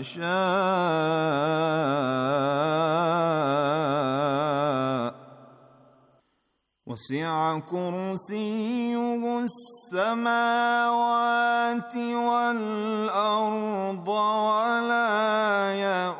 يشاء وسع كرسيه السماوات والارض ولا يؤ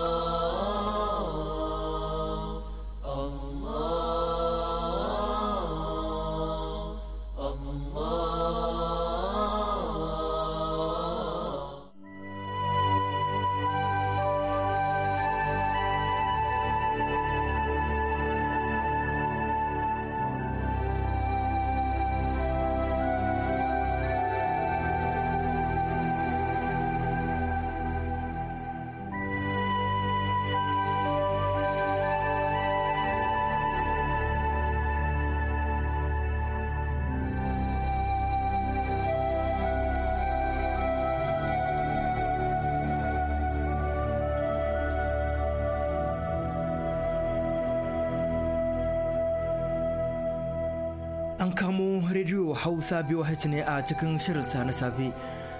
hausa biyu haici ne a cikin shirinsa na safe.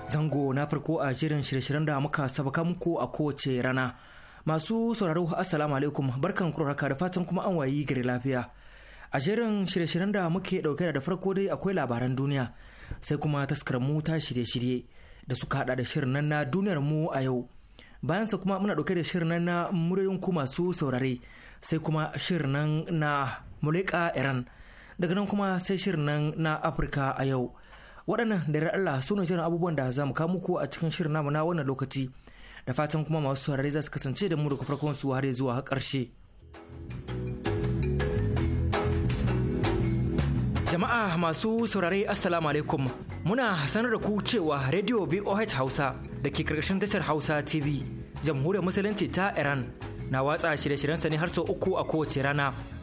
Zango na farko a shirin shirye-shiryen da muka sabaka muku a kowace rana. Masu sauraro Assalamu alaikum barkan kuraraka da fatan kuma an wayi gari lafiya. A shirin shirye-shiryen da muke dauke da farko dai akwai labaran duniya sai kuma taskar mu ta shirye-shirye da suka hada da shirin nan na duniyar mu a yau. Bayansa sa kuma muna dauke da shirin nan na muryoyin ku masu saurare sai kuma shirin nan na Muleka Iran. daga nan kuma sai shirin nan na afirka a yau waɗannan da Allah su ne shirin abubuwan da za mu kawo muku a cikin shirin namu na wannan lokaci da fatan kuma masu saurare za su kasance da mu daga farkon su har zuwa ƙarshe jama'a masu saurare assalamu alaikum muna sanar da ku cewa radio voh hausa da ke karkashin tashar hausa tv jamhuriyar musulunci ta iran na watsa shirye shiryen sa ne har sau uku a kowace rana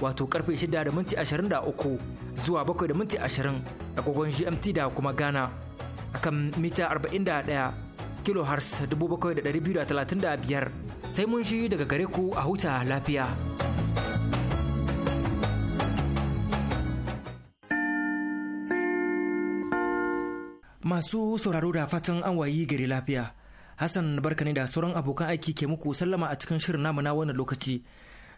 wato karfe 6:23 da minti zuwa 7:20 da minti agogon GMT da kuma Ghana akan mita 41 kilohertz 7,235 sai mun shi daga gare ku a huta lafiya. Masu sauraro da fatan an wayi gari lafiya. Hassan barka ne da sauran abokan aiki ke muku sallama a cikin shirin namu na wannan lokaci.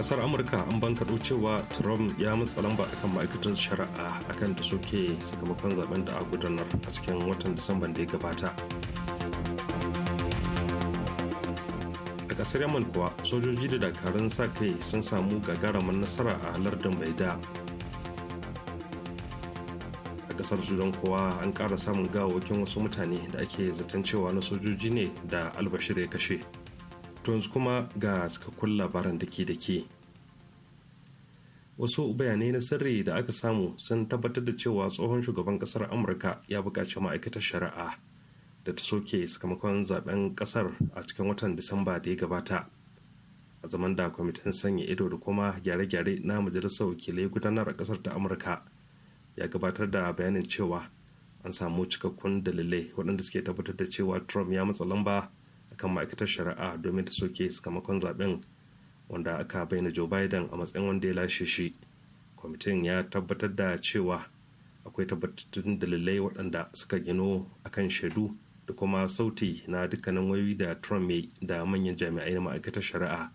kasar amurka an ban cewa trump ya matsa lamba akan ma'aikatar shari'a akan da soke sakamakon zaben da a gudanar a cikin watan disamba da ya gabata a kasar yaman kuwa sojoji da dakarun sa kai sun samu gagarumin nasara a lardin baida a kasar sudan kuwa an ƙara samun gawawakin wasu mutane da ake zaton cewa na sojoji ne da albashir ya kashe to yanzu kuma ga cikakkun labaran da ke da ke wasu bayanai na sirri da aka samu sun tabbatar da cewa tsohon shugaban kasar amurka ya buƙaci ma'aikatar shari'a da ta soke sakamakon zaben kasar a cikin watan disamba da ya gabata a zaman da kwamitin sanya ido da kuma gyare-gyare na majalisar wakilai gudanar a kasar ta amurka ya gabatar da bayanin cewa an samu cikakkun dalilai waɗanda suke tabbatar da cewa trump ya matsa lamba kan ma'aikatar shari'a domin ta soke sakamakon zaben wanda aka bayyana joe biden a matsayin wanda ya lashe shi kwamitin ya tabbatar da cewa akwai tabbatattun dalilai waɗanda suka gino akan shaidu da kuma sauti na dukkanin wayoyi da trump mai da manyan jami'ai na ma'aikatar shari'a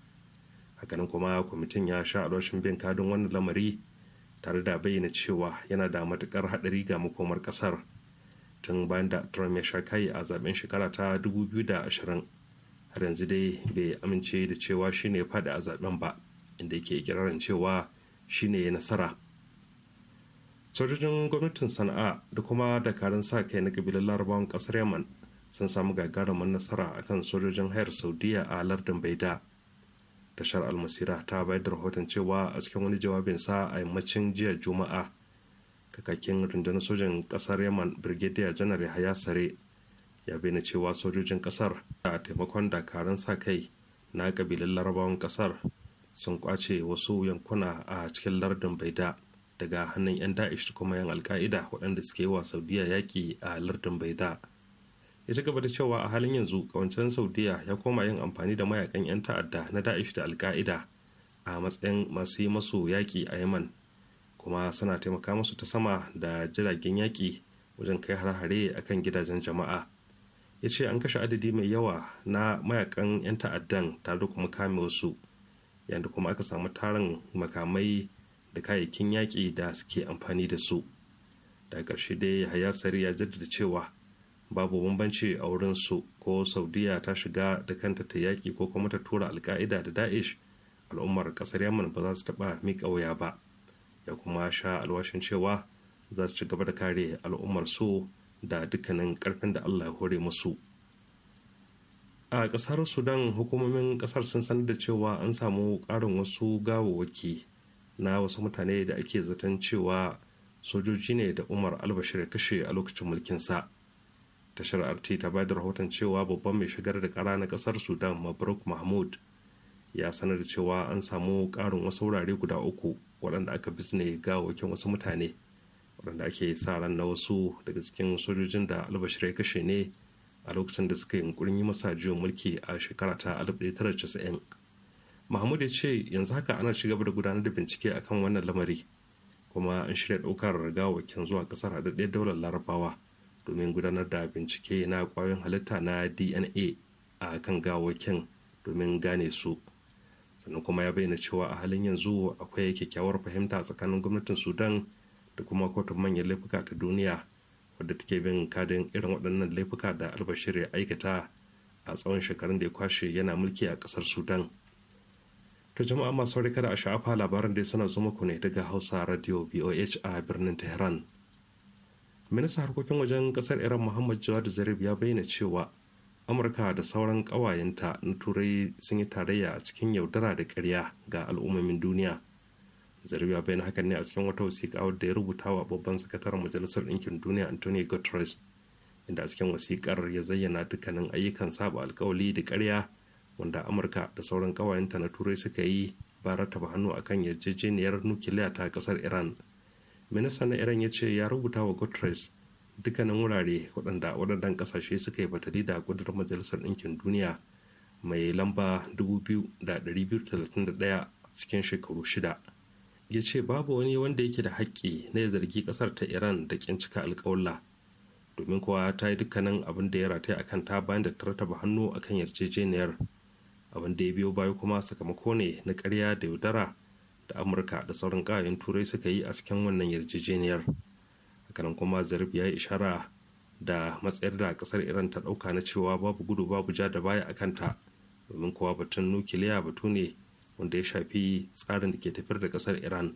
hakanan kuma kwamitin ya sha alwashin bin kadin wannan lamari tare da bayyana cewa yana da matukar haɗari ga makomar ƙasar tun bayan da trump ya sha kai a zaben shekara ta 2020 har yanzu dai bai amince da cewa shine ya faɗi a zaben ba inda yake kirarin cewa shine ya nasara sojojin gwamnatin sana'a da kuma dakarun sa kai na kabilar larabawan kasar yaman sun samu gagarumin nasara a kan sojojin hayar saudiya a lardin baida tashar almasira ta bayar da rahoton cewa a cikin wani jawabin sa a yammacin jiya juma'a kakakin rundunar sojan kasar yaman brigadier janar yahaya sare ya bayyana cewa sojojin kasar a taimakon dakarun sa kai na kabilan larabawan kasar sun kwace wasu yankuna a cikin lardin baida daga hannun 'yan da'ish kuma 'yan alka'ida waɗanda suke wa saudiya yaƙi a lardin baida ya ci gaba da cewa a halin yanzu kawancen saudiya ya koma yin amfani da mayakan 'yan ta'adda na da'ish da alka'ida a matsayin masu yi masu yaƙi a yaman kuma suna taimaka musu ta sama da jiragen yaƙi wajen kai hare-hare akan gidajen jama'a ya ce an kashe adadi mai yawa na mayakan 'yan ta'addan tare da kuma kame wasu yadda kuma aka samu tarin makamai da kayayyakin yaƙi da suke amfani da su da ƙarshe dai haya ya jaddada cewa babu bambanci a wurin su ko saudiya ta shiga da kanta ta yaƙi ko kuma ta tura alka'ida da da'ish al'ummar ƙasar yaman ba za su taɓa miƙa wuya ba ya kuma sha alwashin cewa za su ci gaba da kare al'ummar su da dukkanin karfin da allah ya hore musu a kasar sudan hukumomin ƙasar sun sanar da cewa an samu ƙarin wasu gawawwaki na wasu mutane da ake zaton cewa sojoji ne da umar albashir ya kashe a lokacin mulkin sa tashar rt ta bayar da rahoton cewa babban mai shigar da kara na ƙasar sudan mabruk mahmud ya sanar da cewa an samu ƙarin wasu wurare guda uku waɗanda aka bisne gawakin wasu mutane waɗanda ake sa ran na wasu daga cikin sojojin da albashir ya kashe ne a lokacin da suka yunkurin yi masa juyin mulki a shekara ta 1990 mahmud ya ce yanzu haka ana ci gaba da gudanar da bincike akan wannan lamari kuma an shirya ɗaukar gawakin zuwa ƙasar haɗaɗɗiyar daular larabawa domin gudanar da bincike na ƙwayoyin halitta na dna a kan gawakin domin gane su sannan kuma ya bayyana cewa a halin yanzu akwai kyakkyawar fahimta tsakanin gwamnatin sudan da kuma kotun manyan laifuka ta duniya wadda take bin kadin irin waɗannan laifuka da albashir ya aikata a tsawon shekarun da ya kwashe yana mulki a ƙasar sudan Ta jama'a masu saurari kada a sha'afa labaran da ya sanar zuma ku ne daga hausa radio voh a birnin tehran minista harkokin wajen ƙasar iran muhammad jawad zarif ya bayyana cewa amurka da sauran ƙawayenta na turai sun yi tarayya a cikin yaudara da ƙarya ga al'ummomin duniya zarbiya bayan hakan ne a cikin wata wasiƙa wadda ya rubuta wa babban sakataren majalisar ɗinkin duniya antonio guterres inda a cikin wasiƙar ya zayyana dukkanin ayyukan saba alkawali da ƙarya wanda amurka da sauran ƙawayenta na turai suka yi ba rataba hannu kan yarjejeniyar nukiliya ta ƙasar iran minista na iran ya ce ya rubuta wa guterres dukkanin wurare waɗanda waɗannan ƙasashe suka yi batali da ƙudurar majalisar ɗinkin duniya mai lamba 2231 cikin shekaru shida ya ce babu wani wanda yake da haƙƙi na ya zargi ƙasar ta iran da ƙin cika alƙawalla domin kuwa ta yi dukkanin abin da ya rataya kan ta bayan da ta rataba hannu akan yarjejeniyar abin da ya biyo baya kuma sakamako ne na ƙarya da yaudara da amurka da sauran ƙawayen turai suka yi a cikin wannan yarjejeniyar hakanan kuma zarif ya yi ishara da matsayar da ƙasar iran ta ɗauka na cewa babu gudu babu ja da baya a kanta domin kuwa batun nukiliya batu ne wanda ya shafi tsarin da ke tafiyar da kasar iran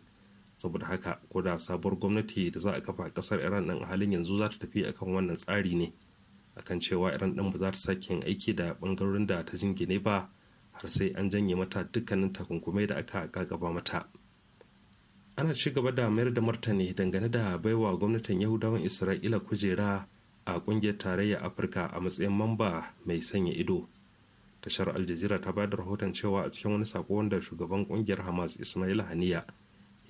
saboda haka ko da sabuwar gwamnati da za a kafa kasar iran din a halin yanzu za ta tafi akan wannan tsari ne akan cewa iran din ba za ta sake yin aiki da ɓangarorin da ta jingine ba har sai an janye mata dukkanin takunkumai da aka gaba mata ana ci gaba da mayar da martani dangane da baiwa gwamnatin yahudawan isra'ila kujera a kungiyar tarayyar afirka a matsayin mamba mai sanya ido tashar al ta bada da rahoton cewa a cikin wani sako wanda shugaban kungiyar hamas ismail haniya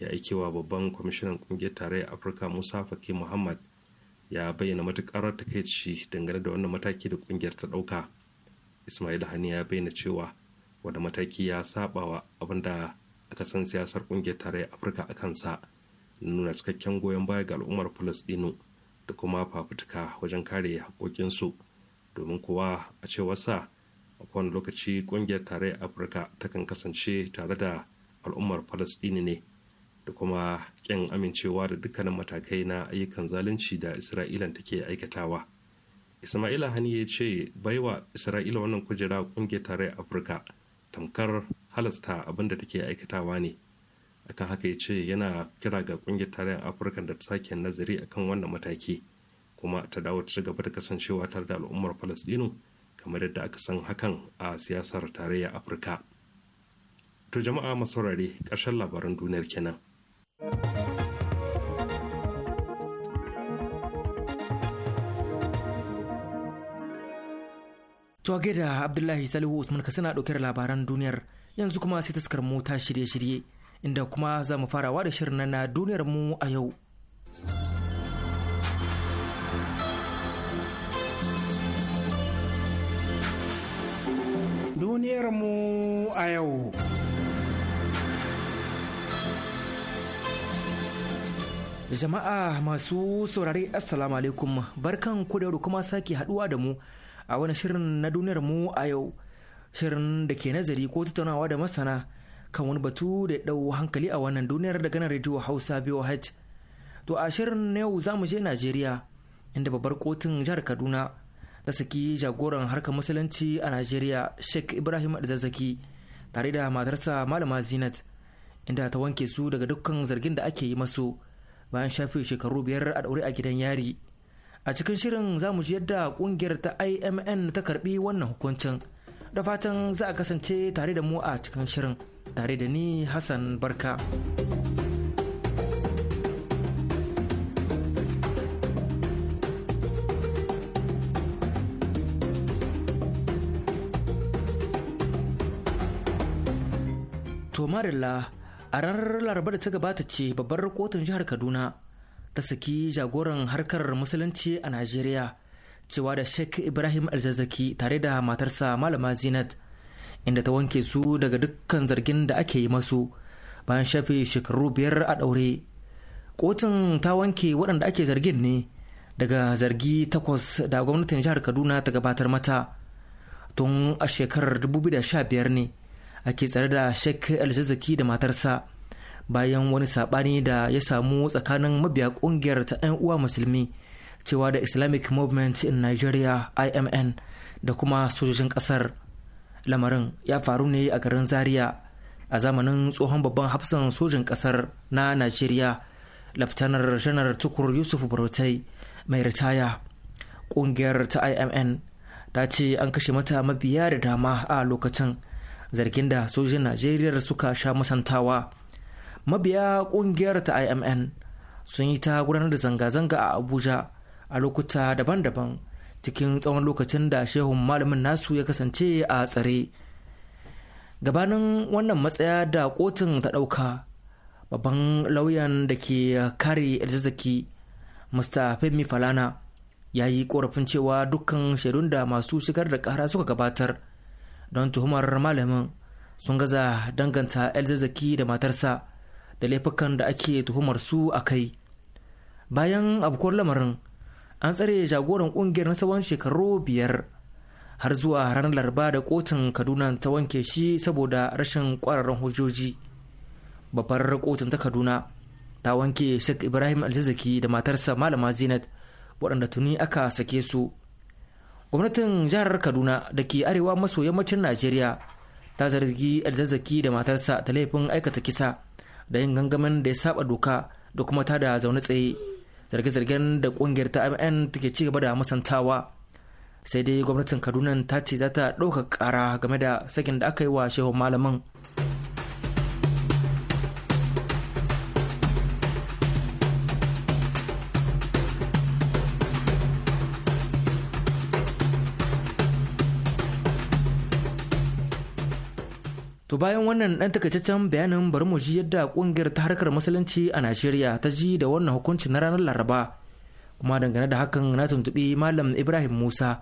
ya aikewa babban kwamishinan kungiyar tarayyar afirka musa faki muhammad ya bayyana matukar takaici dangane da wannan mataki da kungiyar ta ɗauka ismail haniya ya bayyana cewa wanda mataki ya sabawa abinda aka san siyasar kungiyar tarayyar afirka a kansa nuna cikakken goyon baya ga al'ummar plus palestino da kuma fafutuka wajen kare haƙoƙinsu domin kuwa a cewarsa wani lokaci ƙungiyar tarayyar afirka takan kasance tare da al'ummar falasɗini ne da kuma kyan amincewa da dukkanin matakai na ayyukan zalunci da isra'ila take aikatawa isma'ila hani ya ce baiwa isra'ila wannan kujera ƙungiyar tarayyar afirka tamkar halasta abinda da take aikatawa ne akan haka ya ce yana kira ga ƙungiyar tarayyar afirka da ta sake nazari akan wannan mataki kuma ta dawo ta gaba da kasancewa tare da al'ummar falasɗinu kamar yadda aka san hakan a siyasar tarayya afirka to jama'a masaurare ƙarshen labaran duniyar kenan to da abdullahi salihu usman ka suna ɗaukar labaran duniyar yanzu kuma sai taskar mu ta shirye-shirye inda kuma za mu farawa da shirin na duniyar mu a yau. duniyarmu a yau. Jama'a masu saurari Assalamu alaikum barkan ku da kuma sake haduwa da mu a wani shirin na duniyarmu a yau. Shirin da ke nazari ko tattaunawa da masana kan wani batu da ya dau hankali a wannan duniyar da ganin rediyo Hausa VOH. To a shirin na yau za mu je Najeriya inda babbar kotun jihar Kaduna da saki jagoran harkar musulunci a najeriya sheikh ibrahim Adzazaki tare da matarsa malama zinat inda ta wanke su daga dukkan zargin da ake yi masu bayan shafe shekaru biyar a ɗaure a gidan yari a cikin shirin za mu ji yadda ƙungiyar ta imn ta karbi wannan hukuncin da fatan za a kasance tare da mu a cikin shirin tare da ni hassan barka. To Marilla a ranar laraba da ta gabata ce babbar kotun jihar Kaduna ta saki jagoran harkar musulunci a Najeriya cewa da Sheikh Ibrahim Alzazzaki tare da matarsa Malama Zinat inda ta wanke su daga dukkan zargin da ake yi masu bayan shafe shekaru biyar a ɗaure. Kotun ta wanke waɗanda ake zargin ne daga zargi takwas da gwamnatin jihar Kaduna ta gabatar mata tun a shekarar 2015 ne. ake tsare da Sheikh Alzazzaki da matarsa bayan wani saɓani da ya samu tsakanin mabiya ƙungiyar ta 'yan uwa musulmi cewa da Islamic Movement in Nigeria IMN da kuma sojojin ƙasar. Lamarin ya faru ne a garin Zaria a zamanin tsohon babban hafsan sojin ƙasar na Najeriya, Laftanar Janar Tukur Yusuf Barotai mai ritaya. Ƙungiyar ta IMN ta ce an kashe mata mabiya da dama a lokacin. zargin da sojin najeriya suka sha musantawa mabiya kungiyar ta imn sun yi ta gudanar da zanga-zanga a abuja a lokuta daban-daban cikin tsawon lokacin da shehun malamin nasu ya kasance a tsare gabanin wannan matsaya da kotun ta ɗauka babban lauyan da ke kare elzazzaki mr femi falana ya yi korafin cewa dukkan shaidun da masu shigar da kara suka gabatar don tuhumar malamin sun gaza danganta el zazzaki da matarsa da laifukan da ake tuhumar su a kai bayan abokuwar lamarin an tsare jagoran kungiyar na tsawon shekaru biyar har zuwa ranar laraba da kotun kaduna ta wanke shi saboda rashin kwararren hujjoji babbar kotun ta kaduna ta wanke shek ibrahim alzazaki da matarsa malama zinat waɗanda tuni aka sake su gwamnatin jihar kaduna da ke arewa maso yammacin najeriya ta zargi alzazzaki da matarsa ta laifin aikata kisa da yin gangamin da ya saba doka da kuma ta da zaune tsaye zarge-zargen da kungiyar ta mn take ci gaba da musantawa sai dai gwamnatin kaduna ta ce za ta ɗaukar ƙara game da sakin da aka yi wa shehun malamin To bayan wannan ɗan takaitaccen bayanin bari mu ji yadda ƙungiyar ta harkar musulunci a Najeriya ta ji da wannan hukunci na ranar Laraba. Kuma dangane da hakan na tuntuɓi Malam Ibrahim Musa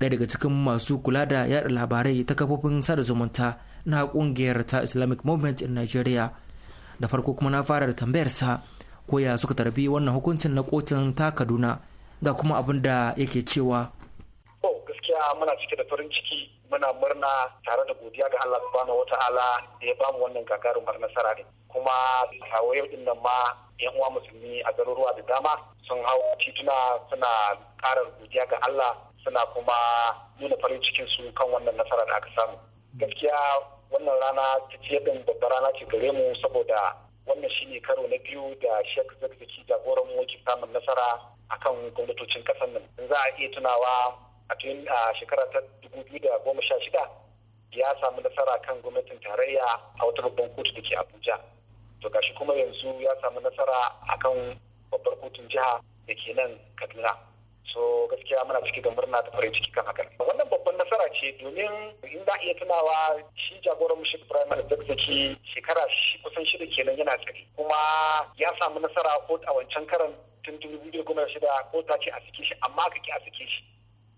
ɗaya daga cikin masu kula da yaɗa labarai ta kafofin sada zumunta na ƙungiyar ta Islamic Movement in Nigeria. Da farko kuma na fara da tambayarsa ko ya suka tarbi wannan hukuncin na kotun ta Kaduna ga kuma abin da yake cewa. gaskiya muna cike da farin ciki muna murna tare da godiya ga Allah subhanahu wataala da ya bamu wannan gagarumar nasara ne kuma kawo yau din nan ma yan uwa musulmi a garuruwa da dama sun hau tituna suna karar godiya ga Allah suna kuma nuna farin cikin su kan wannan nasara da aka samu gaskiya wannan rana ta ce din babbar rana ce gare mu saboda wannan shine karo na biyu da Sheikh Zakzaki jagoran mu ke samun nasara akan gwamnatocin kasar nan za a iya tunawa a cikin shekara ta shida ya samu nasara kan gwamnatin tarayya a wata babban kotu da ke abuja to gashi kuma yanzu ya samu nasara akan babbar kotun jiha da ke nan kaduna so gaskiya muna ciki da murna da farin ciki kan hakan wannan babban nasara ce domin in za iya tunawa shi jagoran mu da primary Zaki shekara kusan shida kenan yana tsari kuma ya samu nasara ko a wancan karan tun dubu biyu goma shida ko ta ce a sike shi amma ka ki a sike shi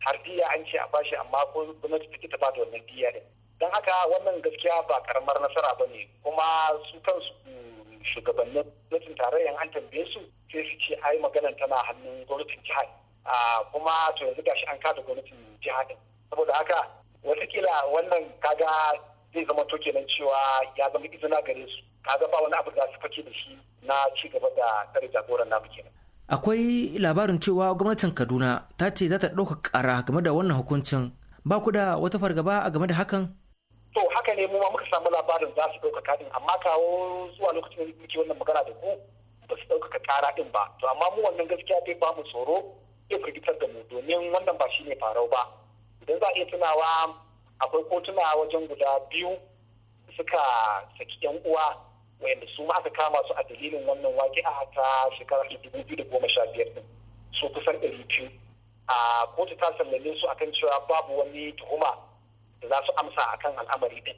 har diya an ce a bashi amma gwamnati take ta da wannan diya din don haka wannan gaskiya ba karamar nasara ba ne kuma su kansu mm, shugabannin gwamnatin tarayyar an tambaye su sai su ce ai maganan tana hannun gwamnatin jihar kuma to yanzu gashi an kada gwamnatin jihar din saboda haka watakila wannan kaga zai zama to kenan cewa ya zama izina gare su kaga ba wani abu da su fake da shi na ci gaba da tsare jagoran namu kenan akwai labarin cewa gwamnatin kaduna ta ce za ta ɗauka ƙara game da wannan hukuncin ba ku da wata fargaba a game da hakan to haka ne mu ma muka samu labarin za su ɗaukaka ƙarin, amma kawo zuwa lokacin da muke wannan magana da ku ba su ɗaukaka ƙara ɗin ba to amma mu wannan gaskiya dai ba mu tsoro ya firgitar da mu domin wannan ba shi ne farau ba idan za a iya tunawa akwai kotuna wajen guda biyu suka saki yan uwa wayanda su ma aka kama su a dalilin wannan a ta shekara ta dubu biyu da goma sha biyar din su kusan ɗari biyu a kotu ta sallame su akan cewa babu wani tuhuma da za su amsa akan al'amari din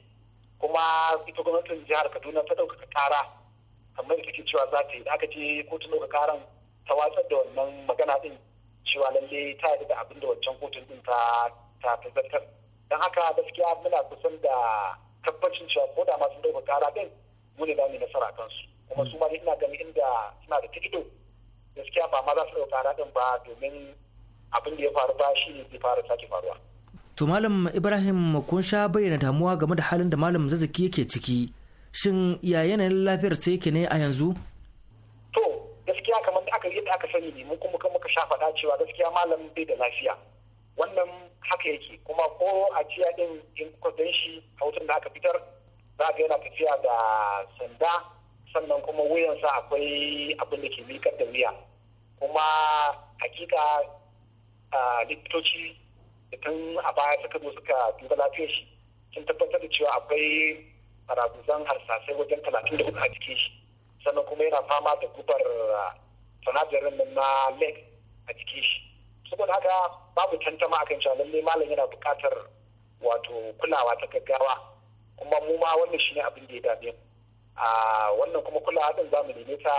kuma ita gwamnatin jihar kaduna ta ɗaukaka ƙara. kamar ita ke cewa za ta yi da aka je kotun ɗaukaka ƙaran ta watsar da wannan magana din cewa lalle ta yi da abin da wancan kotun din ta ta zartar don haka gaskiya muna kusan da tabbacin cewa ko da masu ɗaukaka ƙara din mu ne mu nasara kansu kuma su ma ina ganin inda suna da tikido gaskiya ba ma za su ɗauka raɗin ba domin abin da ya faru ba shi ne zai fara sake faruwa. to malam ibrahim kun sha bayyana damuwa game da halin da malam zazzaki yake ciki shin ya yanayin lafiyar sai yake ne a yanzu. to gaskiya kamar da aka yadda aka sani ne mun kuma muka sha faɗa cewa gaskiya malam bai da lafiya wannan haka yake kuma ko a jiya din in kuka shi a hutun da aka fitar za ga yana tafiya da sanda sannan kuma wuyansa akwai abin da ke miƙar da wuya kuma hakika likitoci da tun a baya suka zo suka duba lafiyar shi sun tabbatar da cewa akwai baraguzan harsasai wajen talatin da hudu a jikin shi sannan kuma yana fama da gubar sanadarin nan na leg a jikin shi saboda haka babu tantama akan cewa lallai malam yana buƙatar wato kulawa ta gaggawa kuma mu ma wannan shi ne abin da ya dame mu a wannan kuma kulawa din mu neme ta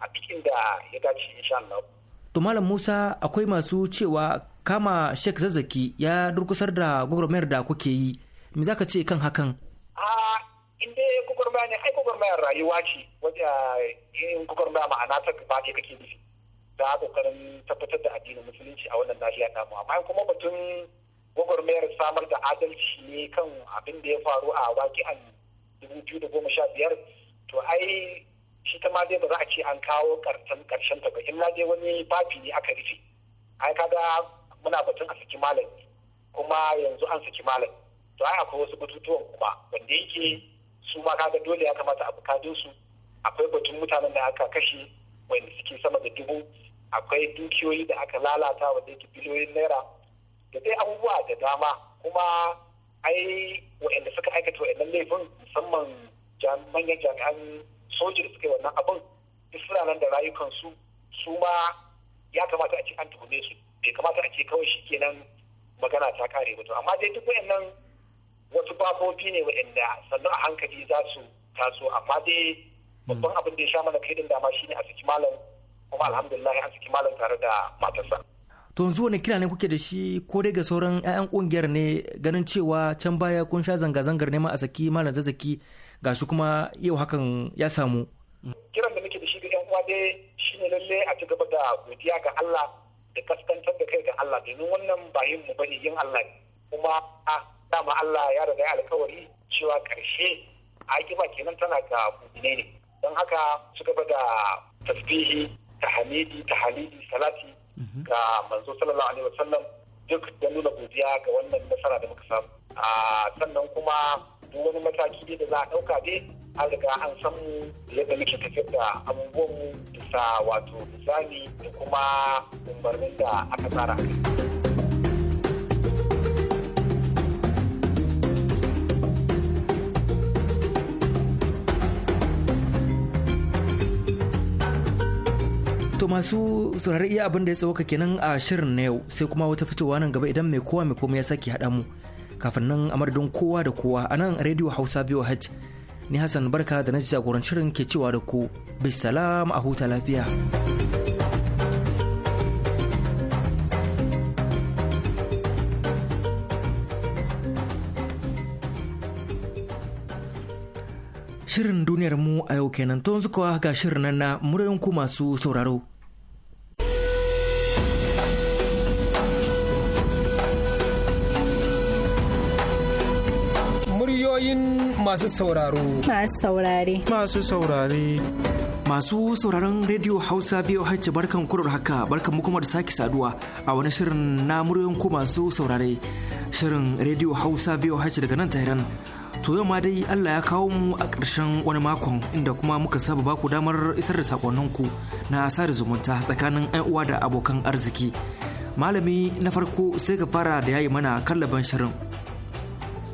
a cikin da ya dace insha Allah to malam Musa akwai masu cewa kama Sheikh Zazzaki ya durkusar da gwagwarmayar da kuke yi me zaka ce kan hakan a inda gwagwarmaya ne ai gwagwarmayar rayuwa ce wajen eh, yin gwagwarmaya ma'ana ta gaba ce kake nufi da kokarin tabbatar da addinin musulunci a wannan nahiya namu amma kuma batun mayar samar da adalci ne kan abin da ya faru a waki'an 2015 to ai shi ta ma dai ba za a ce an kawo karshen karshen ta ba in na dai wani babi ne aka rufe ai kaga muna batun a saki malam kuma yanzu an saki malam to ai akwai wasu batutuwan kuma wanda yake su ma kaga dole ya kamata a bukatun su akwai batun mutanen da aka kashe wanda suke sama da dubu akwai dukiyoyi da aka lalata wanda yake biliyoyin naira da dai abubuwa da dama kuma ai waɗanda suka aikata waɗannan laifin musamman manyan jami'an soji da suka yi wannan abin suna nan da rayukansu su ma ya kamata a ce an tuhume su bai kamata a ce kawai shi kenan magana ta kare ba to amma dai duk waɗannan wasu babobi ne waɗanda sannu a hankali za su taso amma dai babban hmm. abin da ya sha mana kai din dama shine a saki malam kuma alhamdulillah an saki malam tare da matarsa to yanzu wani kira ne kuke da shi ko dai ga sauran 'ya'yan kungiyar ne ganin cewa can baya kun sha zanga-zangar neman a saki malam zazzaki su kuma yau hakan ya samu kiran da muke da shi ga 'yan uwa dai ne lalle a ci gaba da godiya ga Allah da kaskantar da kai ga Allah domin wannan ba yin mu bane yin Allah ne kuma a ah, dama Allah ya riga alkawari cewa karshe a ba kenan tana ga mu'mine ne don haka su gaba da tasbihi ta halidi salati Mhm. ga manzo sallallahu alaihi wasallam duk da nuna godiya ga wannan nasara da muka samu sannan kuma duk wani mataki ne da za a ɗauka dai an riga an san yadda muke tafiyar da mu bisa wato misali da kuma umarnin da aka tsara. To masu saurari iya abin da ya tsawaka kenan a shirin na yau sai kuma wata fitowa nan gaba idan mai kowa mai komai ya sake haɗa mu. Kafin nan a madadin kowa da kowa a nan Radio Hausa VOH ni Hassan Barka da na jagoran shirin ke cewa da ku bisalam a huta lafiya. Shirin duniyar mu a yau kenan to yanzu ga shirin nan na muryoyin ku masu sauraro. masu sauraro. Masu saurare. Masu saurare. Masu sauraron Radio Hausa VOH barkan kurar haka barkan kuma da sake saduwa a wani shirin na muryoyin ku masu saurare. Shirin Radio Hausa biyu hajji daga nan Tehran. To yau ma dai Allah ya kawo mu a ƙarshen wani makon inda kuma muka saba baku damar isar da saƙonninku na sada zumunta tsakanin 'yan uwa da abokan arziki. Malami na farko sai ka fara da yayi mana kallaban shirin.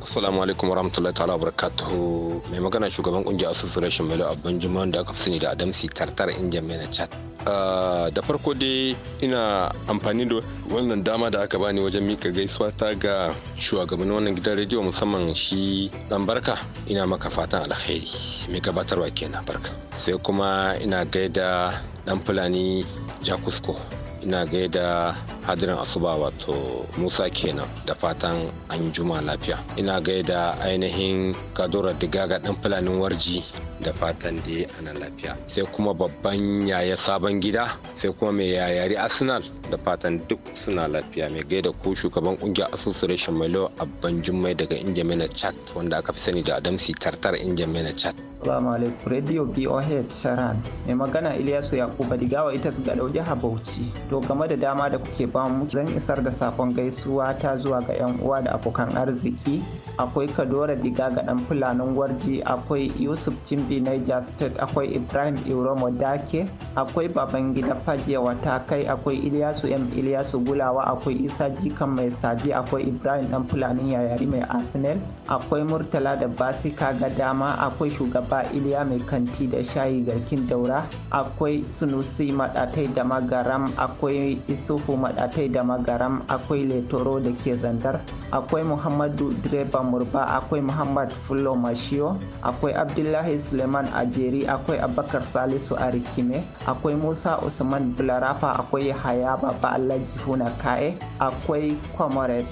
Assalamu alaikum rahmatullahi ta'ala barakatuhu. Mai magana shugaban kungiyar Association Melo Abban Juma'an da aka sani da Adamsi Tartar Injin Mena Chat. Ah, da farko dai ina amfani da wannan dama da aka bani wajen mika gaisuwa ta ga shugaban wannan gidan rediyo musamman shi dan barka ina maka fatan alheri mai gabatarwa kenan barka sai kuma ina gaida dan fulani jakusko ina gaida hadirin asuba wato musa kenan da fatan an juma lafiya ina gaida ainihin kadura digaga dan fulanin warji da fatan da ana lafiya sai kuma babban yaya sabon gida sai kuma mai yayari arsenal da fatan duk suna lafiya mai gaida ko shugaban kungiyar asusu rashin a abban jummai daga injamina chat wanda aka fi sani da adamsi tartar injamina chat Salamu alaikum Radio BOH Sharan mai magana Ilyasu Yakuba Digawa ita su ga jihar Bauchi to game da dama da kuke ba bamu zan isar da sakon gaisuwa ta zuwa ga 'yan uwa da abokan arziki akwai kadora diga ga dan fulanin gwarji akwai yusuf cimbi niger state akwai ibrahim iromo dake akwai baban gida fajewa ta kai akwai iliyasu m iliyasu gulawa akwai isa jikan mai saji akwai ibrahim dan fulanin yayari mai arsenal akwai murtala da basika ga dama akwai shugaba iliya mai kanti da shayi garkin daura akwai sunusi madatai da magaram akwai isufu madatai atai da magaram akwai letoro da ke zandar akwai muhammadu direba murba akwai muhammad fulo mashiyo akwai abdullahi suleiman ajeri akwai abakar salisu a rikime akwai musa usman bularafa akwai yahaya baba alaji huna ka'e akwai comrade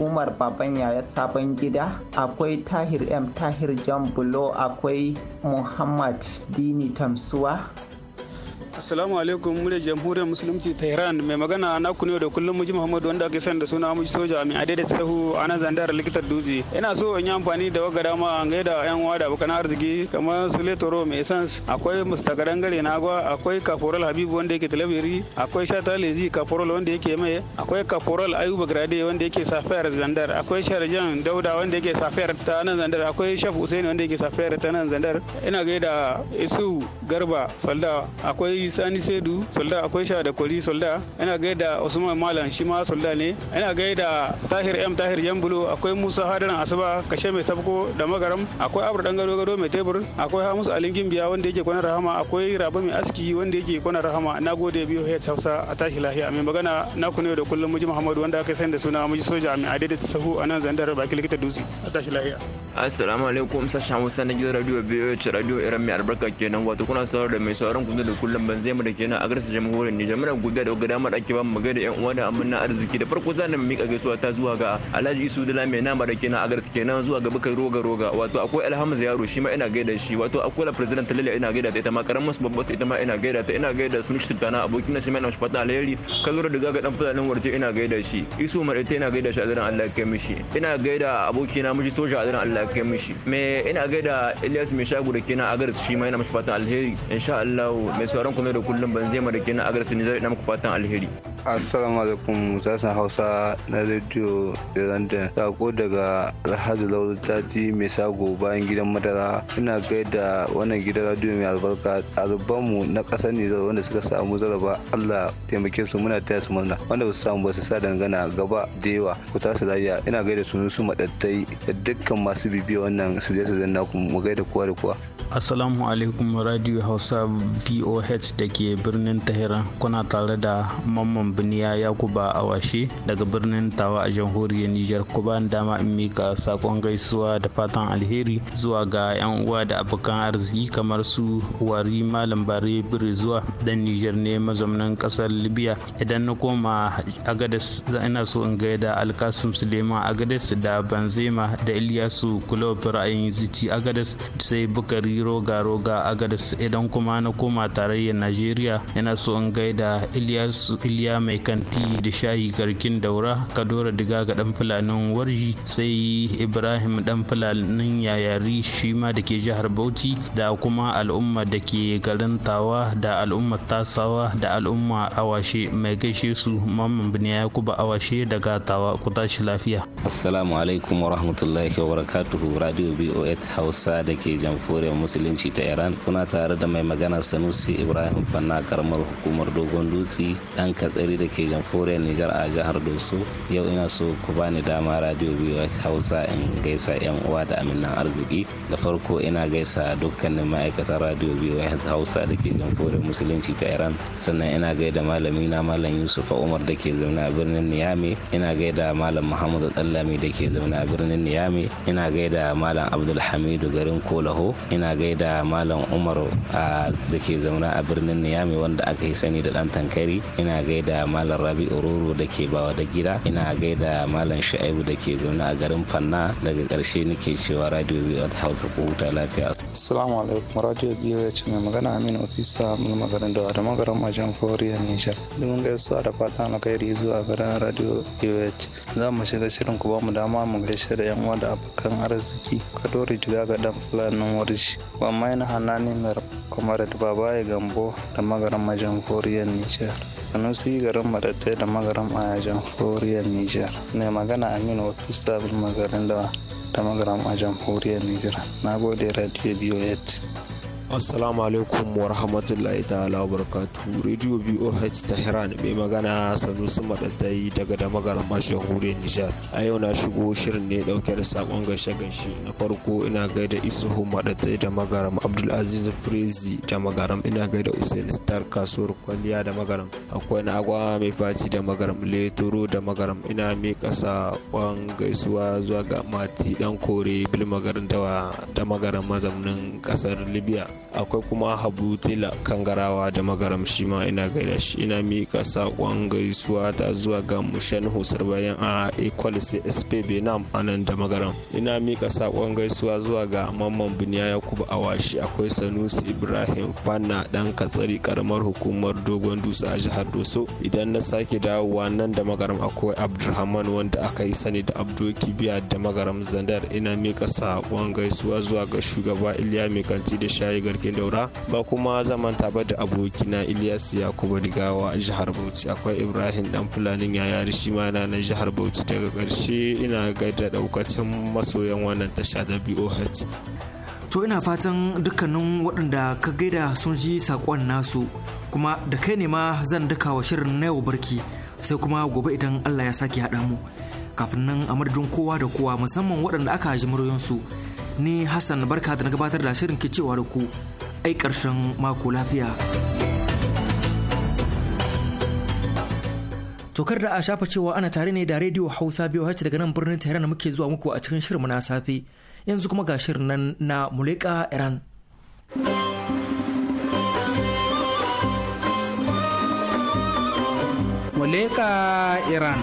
umar baban yaya sabon gida akwai tahir m tahir jambulo akwai muhammad dini tamsuwa Assalamu alaikum mure jamhuriyar musulunci Tehran mai magana na ku ne da kullum muji Muhammad wanda ake sani da suna muji soja mai adai da tsahu a nan zandar likitar dutse. Ina so in yi amfani da waga dama an gaida yan uwa da abokan arziki kamar su Letoro mai sans akwai mustagaran gare na gwa akwai Kaforal Habibu wanda yake talabiri akwai Shata Lezi Kaforal wanda yake mai akwai Kaforal Ayuba Grade wanda yake safiyar zandar akwai Sharjan Dauda wanda yake safiyar ta nan zandar akwai shafu Hussein wanda yake safiyar ta nan zandar ina gaida Isu Garba Salda akwai sani saidu solda akwai sha da kwari solda yana gaida usman malam shi ma solda ne yana gaida tahir m tahir jambulo akwai musa hadaran asuba kashe mai sabko da magaram akwai abu dan gado gado mai tebur akwai hamus alin gimbiya wanda yake kwanar rahama akwai rabu mai aski wanda yake kwanar rahama na gode biyu hayat hausa a tashi lahiya mai magana na ku ne da kullum muji muhammadu wanda aka sani da suna muji soja mai adadin sahu a nan zandar baki likita dutse a tashi lahiya assalamu alaikum sashen hausa na gidan radio biyu ce radio iran mai albarka kenan wato kuna saurar da mai sauran kuma da kullum ba baban zai mada kenan a garsa jamhuriyar Nijar muna godiya da ga damar ake bamu magana yan uwa da amana arziki da farko zan mika gaisuwa ta zuwa ga Alhaji Isu da Lami na mada kenan a garsa kenan zuwa ga Bukar Roga Roga wato akwai Alhamza Yaro shi ma ina gaida shi wato akwai la president Lalle ina gaida ta ita ma karamin su babba ita ma ina gaida ta ina gaida su Nushi Tana abokin na shi mai shi fata alheri kalura da gaga dan fulani warje ina gaida shi Isu Mare ta ina gaida shi a daren Allah ya kai mishi ina gaida aboki na miji soja a daren Allah ya kai mishi me ina gaida Ilyas mai shagu da kenan a garsa shi ma ina mishi fata alheri insha Allah mai sauran kuma kullum da kullum ban zai mara kenan agarsu ne zai muku fatan alheri. Assalamu alaikum sassan Hausa na Radio London. Sako daga Alhaji Lauru Tati mai sago bayan gidan madara ina gaida wannan gidan radio mai albarka mu na kasa Nijar wanda suka samu zaraba Allah taimake su muna taya su murna wanda ba su samu ba su sa dangana gaba da yawa ku tasu lafiya ina gaida su nusu madattai da dukkan masu bibiya wannan su zai su zanna ku mu gaida kowa da kowa. Assalamu alaikum Radio Hausa VOH da ke birnin Tahiran kuna tare da Mamman Biniya Yakuba Awashe daga birnin Tawa a jamhuriyar Nijar kuma dama in mika sakon gaisuwa da fatan alheri zuwa ga 'yan uwa da abokan arziki kamar su Wari Malam Bare Bire zuwa dan Nijar ne mazaunin kasar Libya idan na koma Agades ina so in gaida Alkasim Suleiman Agades da Banzema da Ilyasu Kulob ra'ayin Zici Agades sai Bukari Roga Roga Agades idan kuma na koma tarayyar najeriya yana so in gaida ilyasu iliya mai kanti da shayi garkin daura kadora diga ga dan fulanin warji sai ibrahim dan fulanin yayari shi ma da ke jihar bauchi da kuma al'umma da ke garin tawa da al'ummar tasawa da al'umma awashe mai gaishe su mamman biniya yakuba awashe daga tawa ku tashi lafiya assalamu alaikum wa rahmatullahi wa barakatuhu radio boa hausa da ke jamhuriyar musulunci ta iran kuna tare da mai magana sanusi ibrahim ibrahim fanna karamar hukumar dogon dutse dan katsari da ke jamhuriyar nijar a jihar doso yau ina so ku bani dama radio biyu hausa in gaisa yan uwa da aminan arziki da farko ina gaisa dukkanin ma'aikatan radio biyu hausa da ke jamhuriyar musulunci ta iran sannan ina gaida malami na malam yusuf umar da ke zaune a birnin niyame ina gaida malam muhammadu dallami da ke zaune a birnin niyame ina gaida malam abdulhamidu garin kolaho ina gaida malam umar da ke zaune a birnin birnin niyami wanda aka yi sani da dan tankari ina gaida malam rabi ororo da ke bawa da gida ina gaida malam Shu'aibu da ke zaune a garin fanna daga karshe nake cewa radio biyar hausa ko huta lafiya assalamu alaikum radio ce mai magana aminu ofisa mun magana da da magaran majan foriya nijar domin gaisuwa da fata na rizu zuwa garin radio biyar za mu shiga shirin ku ba mu dama mu gaishe da yan uwa da abokan arziki kadori jiga ga dan fulanin warji ba mai na hannani mai kuma da ya gambo da magaran a Nijar. Sanusi garin Madatai da magaran a jamhuriyar Nijar. Mai magana Aminu Wafisa bin magarin dawa da magaran a jamhuriyar Nijar. Na gode Radio BOH. Assalamu alaikum wa rahmatullahi ta'ala wa barakatuhu. Radio BOH Tehran mai magana Sanusi Madaddai daga da magarama jamhuriyar Nijar. A yau na shigo shirin ne dauke da sabon gaishe gaishe. Na farko ina gaida Isuhu Madaddai da magaram Abdulaziz Prezi da magaram ina gaida Usain jihar kasuwar kwalliya da magaram akwai na agwa mai faci da magaram leturu da magaram ina kasa kwan gaisuwa zuwa ga mati dan kore bilmagarin da magaram mazaunin ƙasar libya akwai kuma habu tela kangarawa da magaram shi ma ina gaida shi ina kasa kwan gaisuwa ta zuwa ga mushen husar bayan a equal csp benam a nan da magaram ina kasa kwan gaisuwa zuwa ga mamman biniya yakubu awashi akwai sanusi ibrahim fanna dan katsari karam kamar hukumar dogon dutse a jihar doso idan na sake dawowa nan da magaram akwai abdulrahman wanda aka yi sani da abdul kibiya da magaram zandar ina mika saƙon gaisuwa zuwa ga shugaba iliya mai kanti da shayi garkin daura ba kuma zaman taba da abokina ilyas yakubu digawa a jihar bauchi akwai ibrahim dan fulanin yayari shi ma na jihar bauchi daga ƙarshe ina gaida daukacin masoyan wannan tasha da boh To ina fatan dukkanin waɗanda ka gaida sun ji saƙon nasu kuma da kai ne ma zan daka wa shirin na yau barki sai kuma gobe idan Allah ya sake haɗa mu. Kafin nan a madadin kowa da kowa musamman waɗanda aka ji muryoyinsu ni Hassan barka da na gabatar da shirin ke cewa da ku ai ƙarshen mako lafiya. Tokar da a shafa cewa ana tare ne da rediyo Hausa biyu hacci daga nan birnin Tehran muke zuwa muku a cikin shirin mu na safe. yanzu kuma ga shirin nan na muleka iran muleka iran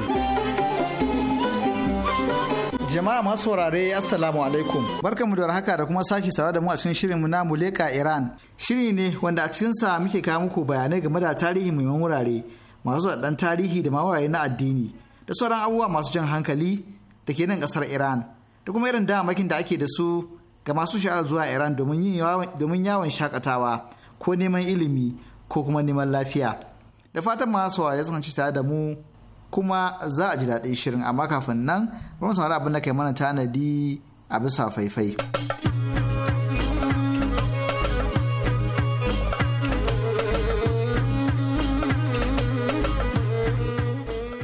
jama'a masu wurare assalamu alaikum barkanmu da haka da kuma sake sawa da mu a cikin shirinmu na muleka iran shiri ne wanda a cikinsa muke kawo muku bayanai game da tarihi muhimman wurare masu zaɗan tarihi da mawurare na addini da sauran abubuwa masu jan hankali da ke nan ƙasar iran da kuma irin damakin da ake da su ga masu sha'ar zuwa Iran domin yawon shakatawa ko neman ilimi ko kuma neman lafiya. Da fatan masu saurare sun ci tare da mu kuma za a ji daɗin shirin amma kafin nan bari mu saurari abin da kai mana tanadi a bisa faifai.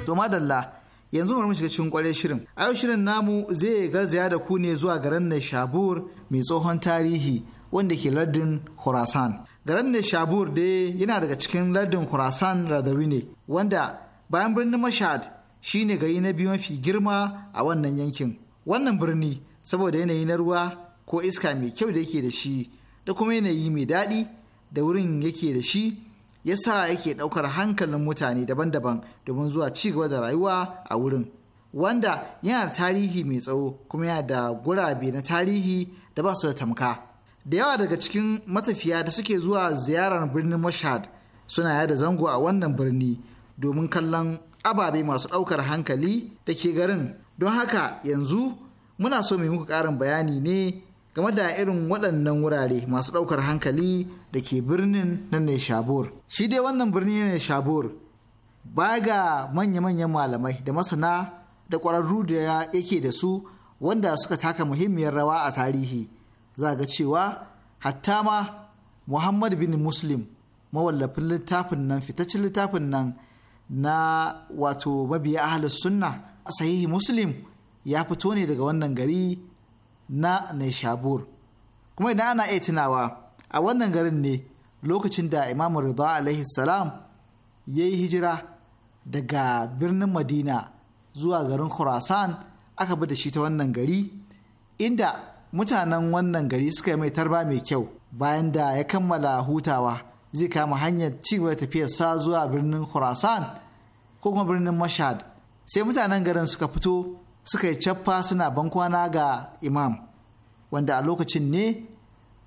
To madalla yanzu bari mu shiga cikin kwarai shirin a yau shirin namu zai garzaya da ku ne zuwa garin shabur mai tsohon tarihi wanda ke lardin Khurasan garin shabur dai yana daga cikin lardin Khurasan Radawi ne wanda bayan birnin mashad shine gari na biyu mafi girma a wannan yankin wannan birni saboda yanayi na ruwa ko iska mai kyau da yake da shi da kuma yanayi mai daɗi da wurin yake da shi Ya sa yake ɗaukar hankalin mutane daban-daban domin zuwa ci gaba da rayuwa a wurin wanda yana da tarihi mai tsawo kuma yana da gurabe na tarihi da ba su da tamka da yawa daga cikin matafiya da suke zuwa ziyarar birnin mashad suna yada zango a wannan birni domin kallon ababe masu ɗaukar hankali da ke garin don haka yanzu muna so mai muku ƙarin bayani ne game da irin waɗannan wurare masu ɗaukar hankali da ke birnin na Neshabur. Shi dai wannan birni na Neshabur ba ga manya-manyan malamai da masana da ƙwararru da yake da su wanda suka taka muhimmiyar rawa a tarihi za ga cewa hatta ma Muhammad bin Muslim mawallafin littafin nan fitaccen littafin nan na wato mabiya ahalus sunna a sahihi Muslim ya fito ne daga wannan gari na Neshabur. Kuma idan ana iya tunawa a wannan garin ne lokacin da Imam Rida alaihi salam ya yi hijira daga birnin Madina zuwa garin Khurasan aka bi da shi ta wannan gari inda mutanen wannan gari suka yi mai tarba mai kyau bayan da ya kammala hutawa zai kama hanyar cigaba tafiyarsa zuwa birnin Khurasan ko kuma birnin Mashhad sai mutanen garin suka fito suka yi caffa suna bankwana ga imam wanda a lokacin ne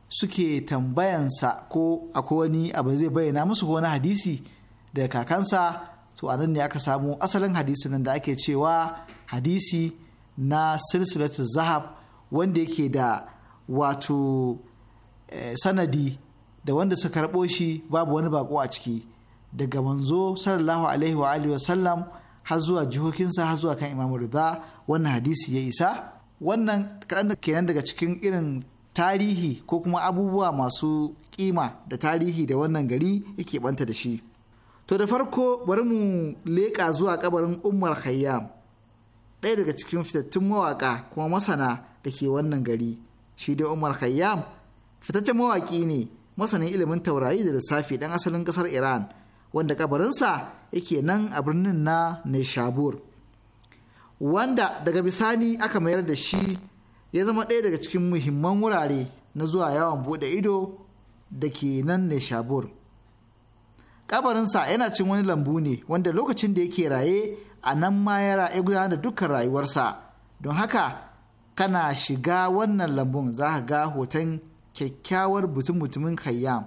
suke tambayansa ko akwai wani abu zai bayyana musu ko wani hadisi daga kakansa to anan ne aka samu asalin hadisi nan da ake cewa hadisi na silsilatu zahab wanda yake da wato eh, sanadi da wanda suka karɓo shi babu wani bako a ciki daga manzo sallallahu alaihi wa alihi har zuwa jihokinsa har zuwa kan imamu rida wannan hadisi ya isa wannan kaɗan kenan daga cikin irin tarihi ko kuma abubuwa masu kima da tarihi da wannan gari yake banta da shi to da farko bari mu leƙa zuwa kabarin Umar khayyam ɗaya daga cikin fitattun mawaƙa kuma masana da ke wannan gari shi dai umar khayyam fitaccen mawaƙi ne masanin ilimin taurari da lissafi dan asalin ƙasar iran wanda kabarinsa yake nan a birnin na neshabur wanda daga bisani aka mayar da shi ya zama ɗaya daga cikin muhimman wurare na zuwa yawon buɗe ido da ke nan ne shabur ƙabarinsa yana cin wani lambu ne wanda lokacin da yake raye a nan ma ya gudanar da dukkan rayuwarsa don haka kana shiga wannan lambun za ka ga hoton kyakkyawar butun mutumin kayyam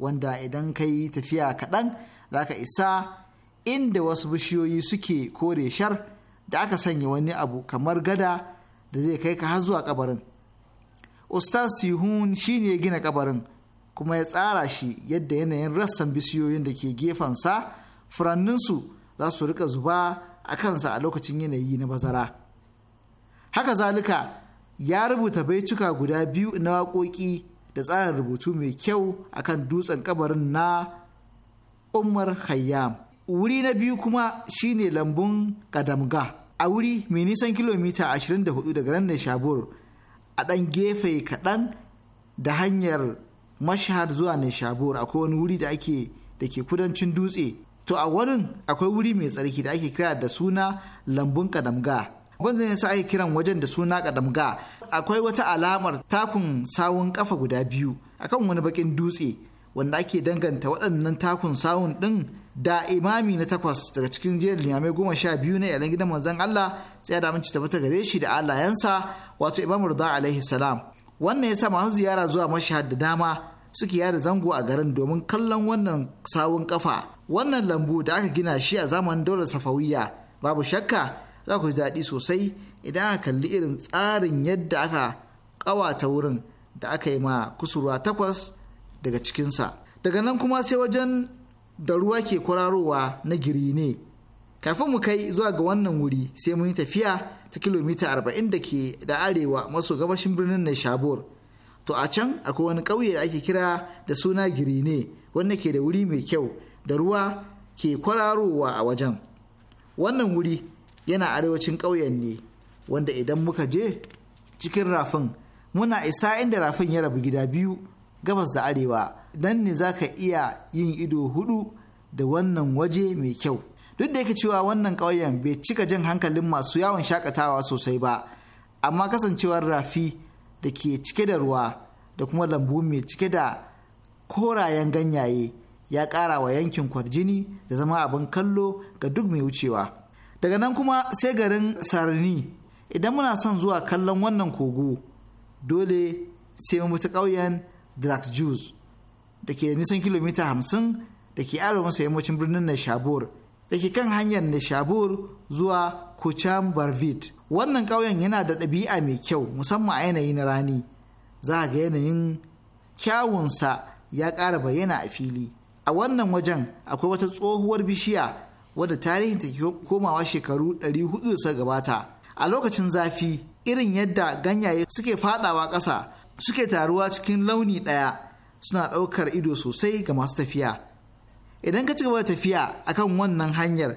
wanda idan ka yi tafiya kaɗan za ka isa inda wasu bishiyoyi suke kore shar da aka sanya wani abu kamar gada da zai kai ka har zuwa kabarin ustaz sihun shi ne gina kabarin kuma ya tsara shi yadda yanayin rassan bisiyoyin da ke gefensa furanninsu za su rika zuba a kansa a lokacin yanayi na bazara haka zalika ya rubuta baituka guda biyu na waƙoƙi da tsarin rubutu mai kyau a kan dutsen kabarin na umar khayyam wuri na biyu kuma shine lambun kadamga a wuri mai nisan kilomita 24 daga nan Nishabur a ɗan gefe kaɗan da hanyar mashahad zuwa Nishabur akwai wani wuri da ake da ke kudancin dutse to a wurin akwai wuri mai tsarki da ake kira da suna lambun kadamga wanda ne sa ake kiran wajen da suna kadamga akwai wata alamar takun sawun kafa guda biyu akan wani bakin dutse wanda ake danganta waɗannan takun sawun ɗin da imami na takwas daga cikin jerin limamai goma sha biyu na yalan gidan manzan Allah sai da tafi tabbata gare shi da alayansa wato Imam Rida alaihi salam wannan sa masu ziyara zuwa mashahad da dama suke yada zango a garin domin kallon wannan sawun kafa wannan lambu da aka gina shi a zamanin daular safawiya babu shakka za ku ji daɗi sosai idan aka kalli irin tsarin yadda aka kawata wurin da aka yi ma kusurwa takwas daga cikinsa daga nan kuma sai wajen da ruwa ke kwararowa na giri ne kafin mu kai zuwa ga wannan wuri sai mun yi tafiya ta kilomita arba'in da ke da arewa maso gabashin birnin Neshabur. To a can akwai wani ƙauye da ake kira da suna giri ne wanda ke da wuri mai kyau da ruwa ke kwararowa a wajen. Wannan wuri yana arewacin ƙauyen ne wanda idan muka je cikin rafin muna isa inda rafin ya rabu gida biyu gabas da arewa dan ne za ka iya yin ido hudu da wannan waje mai kyau duk da yake cewa wannan ƙauyen bai cika jan hankalin masu yawon shakatawa sosai ba amma kasancewar rafi da ke cike da ruwa da kuma lambu mai cike da korayen ganyaye ya ƙara wa yankin kwarjini da zama abin kallo ga duk mai wucewa daga nan kuma sai garin sarni idan muna son zuwa kallon wannan kogo dole sai mu mutu ƙauyen drax da ke nisan kilomita hamsin da ke arewa masa yammacin birnin Neshabur da ke kan hanyar Neshabur zuwa Kucham Barvit. Wannan ƙauyen yana da ɗabi'a mai kyau musamman a yanayi na rani. Za ga yanayin kyawunsa ya ƙara bayyana a fili. A wannan wajen akwai wata tsohuwar bishiya wadda tarihinta ke komawa shekaru ɗari 400 suka gabata. A lokacin zafi irin yadda ganyaye suke faɗawa ƙasa suke taruwa cikin launi ɗaya suna ɗaukar ido sosai ga masu tafiya idan ka ci gaba da tafiya akan wannan hanyar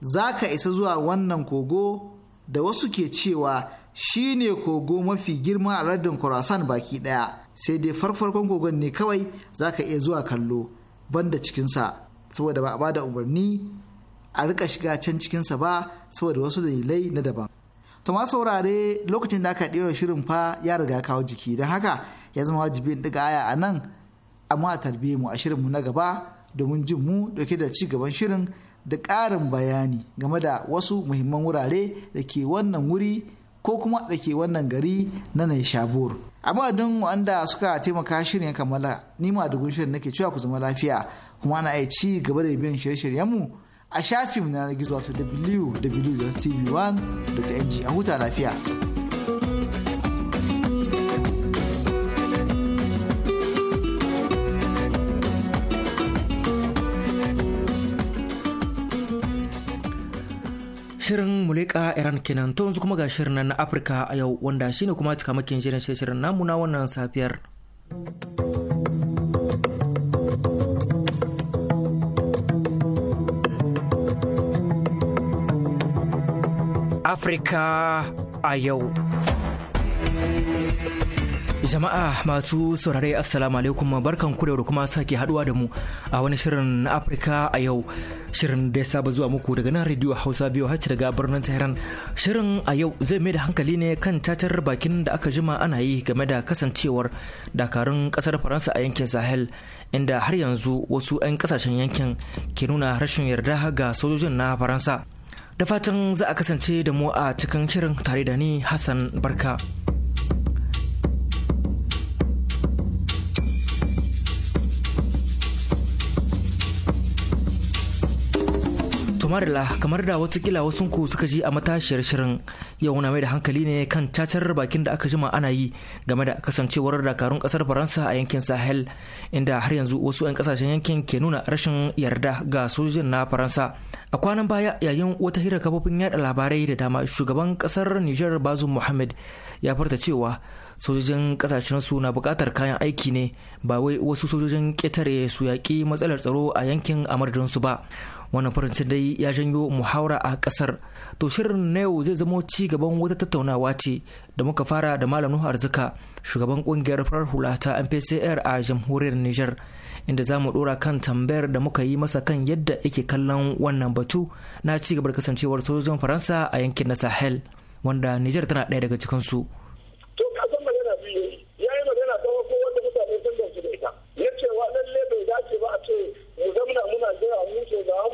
za ka isa zuwa wannan kogo da wasu ke cewa shi ne kogo mafi girma a lardin kurasan baki ɗaya sai dai farfarkon kogon ne kawai za ka iya zuwa kallo banda cikinsa saboda ba a bada umarni a rika shiga can cikinsa ba saboda wasu dalilai na daban. To ma saurare lokacin da aka ɗera shirin fa ya riga kawo jiki don haka ya zama wajibi in ɗiga aya a nan amma talbe mu a shirin mu na gaba domin jin mu dauke da ci gaban shirin da ƙarin bayani game da wasu muhimman wurare da ke wannan wuri ko kuma da ke wannan gari na Naishabur. Amma don wanda suka taimaka shirin kammala ni ma dugun shirin nake cewa ku zama lafiya kuma ana iya ci gaba da biyan shirye-shiryenmu a shafin na gizo wato www.tv1.ng a huta lafiya. leƙa Iran kenan to yanzu kuma ga shirin nan na Afirka a yau wanda shine kuma cikamakin shirin shirin namu na wannan safiyar. Afirka a yau. Jama'a masu saurare Assalamu alaikum barkan ku da kuma sake haduwa da mu a wani shirin na Afirka a yau. Shirin da ya saba zuwa muku daga nan Radio Hausa biyu har daga birnin Tehran. Shirin a yau zai mai da hankali ne kan tatar bakin da aka jima ana yi game da kasancewar dakarun kasar Faransa a yankin Sahel inda har yanzu wasu 'yan kasashen yankin ke nuna rashin yarda ga sojojin na Faransa. Da fatan za a kasance da mu a cikin shirin tare da ni Hassan Barka. tumarila kamar da watakila wasu ku suka ji a matashiyar shirin yau na mai da hankali ne kan cacar bakin da aka jima ana yi game da kasancewar dakarun kasar faransa a yankin sahel inda har yanzu wasu 'yan kasashen yankin ke nuna rashin yarda ga sojojin na faransa a kwanan baya yayin wata hira kafofin yada labarai da dama shugaban kasar niger bazu muhammad ya furta cewa sojojin kasashen su na bukatar kayan aiki ne ba wai wasu sojojin ketare su yaƙi matsalar tsaro a yankin amardin su ba wannan farancin dai ya janyo muhawara a ƙasar to shirin na yau zai zamo ci gaban wata tattaunawa ce da muka fara da malam nuhu arzika shugaban kungiyar farar hula ta mpcr a jamhuriyar niger inda za mu dora kan tambayar da muka yi masa kan yadda yake kallon wannan batu na ci gaba kasancewar sojojin faransa a yankin na sahel wanda niger tana ɗaya daga cikinsu su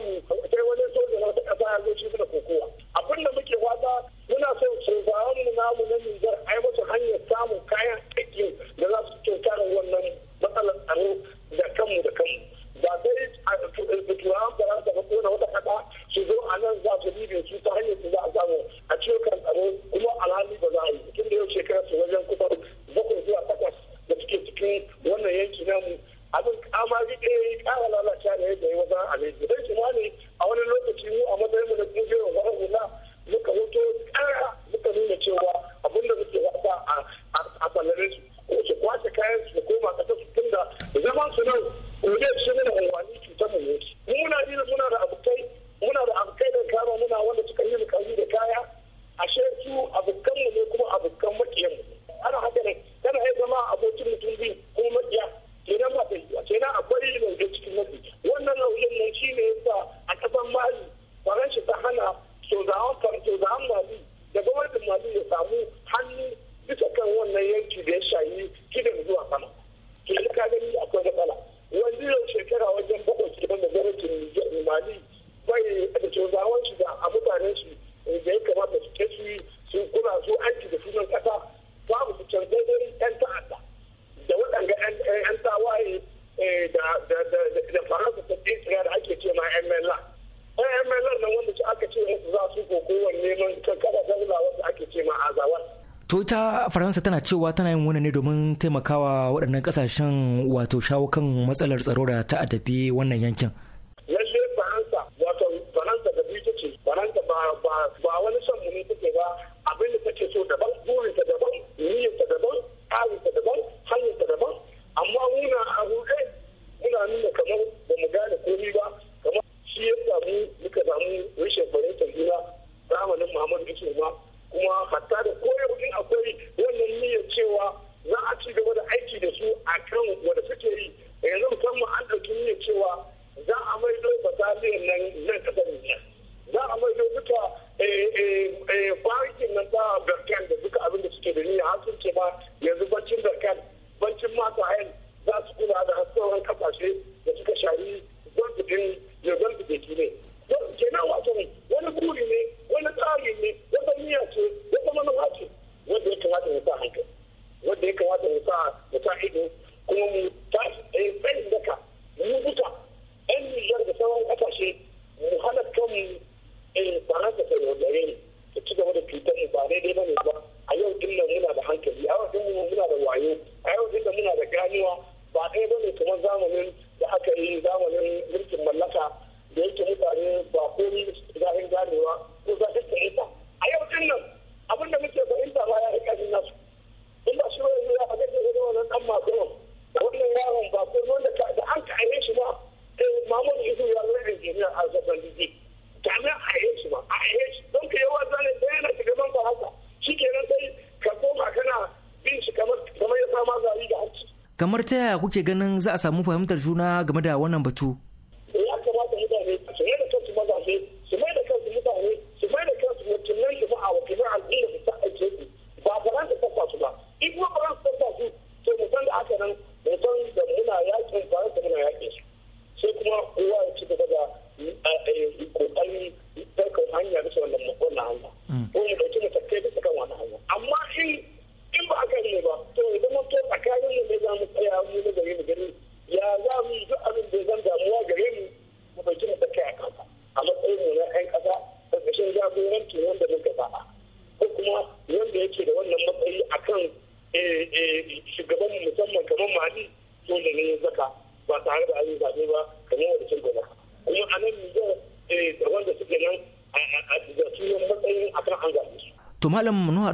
sai wani soja na wata kasa ya zo shi da kokowa abin da muke wata muna so sojawan mu namu na Nijar ai musu hanyar samun kayan aikin da za su kyauta da wannan matsalar tsaro da kanmu da kanmu ba sai a turawan faransa ba ko wata kasa su zo a nan za su libya su ta hanyar su za a samu a ciwo kan tsaro kuma alhali ba za a yi tun da yau shekara su wajen kusan bakwai zuwa takwas da suke cikin wannan yanki namu abin kama ji ke kara lalacewa da yadda yi wajen alaji don shi ne a wani lokaci mu a matsayin mu na kungiyar wajen hula muka hoto kara muka nuna cewa abin da muke wasa a sallare su ko su kwace kayan su koma kasar su tunda zaman su nan kone su mana unwani cutar mu ne muna ji muna da abokai muna da abokai da kama muna wanda suka yi mu da kaya ashe su abokan mu ne kuma abokan makiyan mu ana haka kana iya zama abokin mutum biyu kuma makiya idan ba ta yiwa kenan akwai lauje cikin mafi wannan laujen nan shi ne yasa a ƙasar mali faransa ta hana sozawan sozawan mali da gwamnatin mali ya samu hannu bisa kan wannan yanki da ya shayi kidan zuwa sama kenan ka gani akwai matsala wani yau shekara wajen bakwai kenan da gwamnatin mali bai da sozawan shi da a mutanen shi da ya kamata su ke su sun kuna su aiki da sunan ƙasa babu to ita faransa tana cewa tana yin wani ne domin taimakawa waɗannan kasashen wato shawo kan matsalar tsaro da ta addabi wannan yankin kamar ta yaya kuke ganin za a samu fahimtar juna game da wannan batu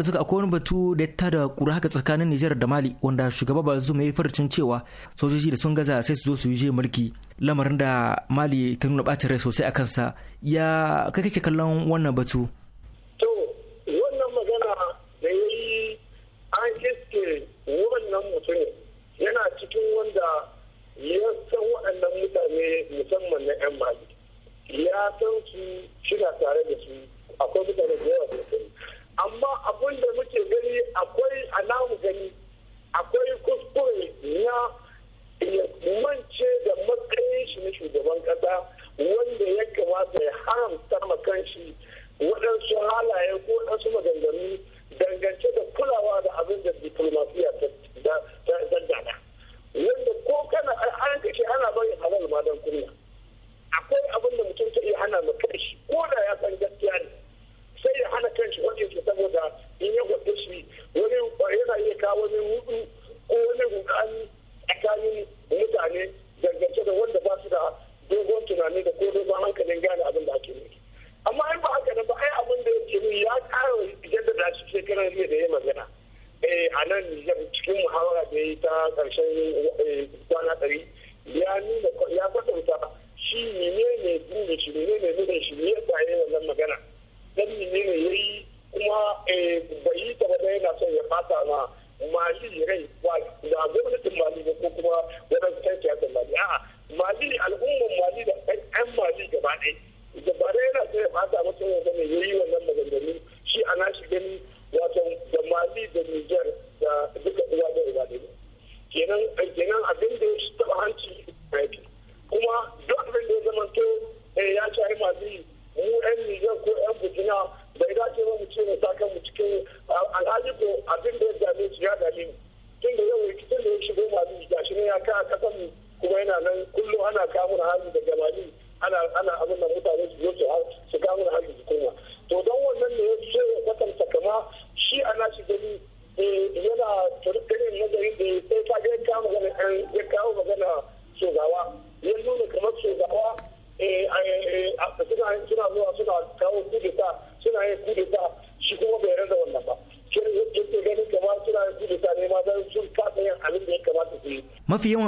arzika akwai wani batu da ta da kura haka tsakanin Nijar da Mali wanda shugaba Bazoum ya yi farcin cewa sojoji da sun gaza sai su zo su yi mulki lamarin da Mali ta nuna bacin rai sosai a kansa ya kai kake kallon wannan batu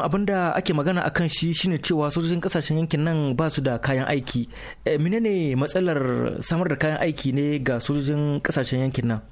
abin da ake magana a kan shi shine cewa sojojin kasashen yankin nan ba su da kayan aiki eh, menene matsalar samar da kayan aiki ne ga sojojin kasashen yankin nan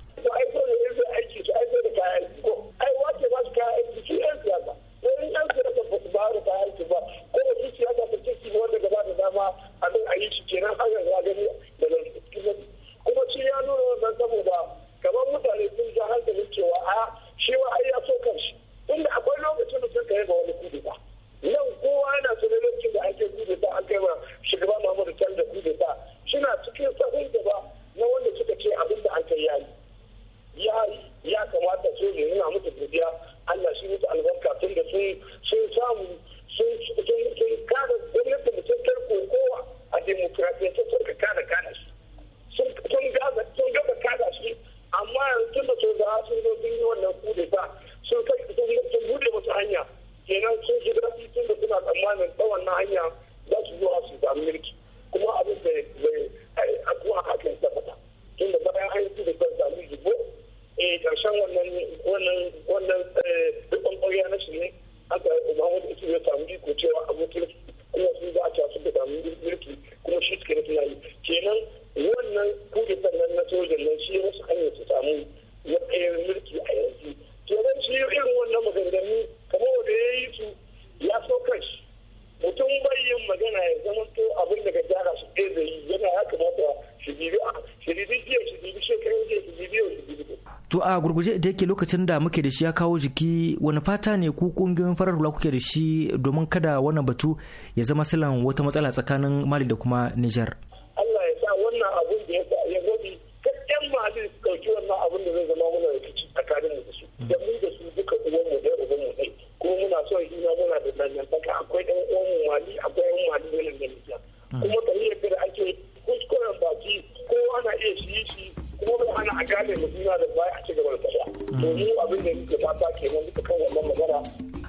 guje da yake lokacin da muke da shi ya kawo jiki wani fata ne ku kungiyoyin farar hula kuke da shi domin kada wannan batu ya zama silan wata matsala tsakanin mali da kuma nijar. allah ya sa wannan abun da ya gobi kakkan mali su ɗauki wannan abun da zai zama muna rikici tsakanin mu da su da mu da su duka uwan mu dai uban mu dai kuma muna son juna muna da dangantaka akwai ɗan uwan mu mali akwai ɗan mali wani da nijar hmm. kuma tarihar da ake kuskuren baki kowa na iya shi shi kuma ana a gane mu suna da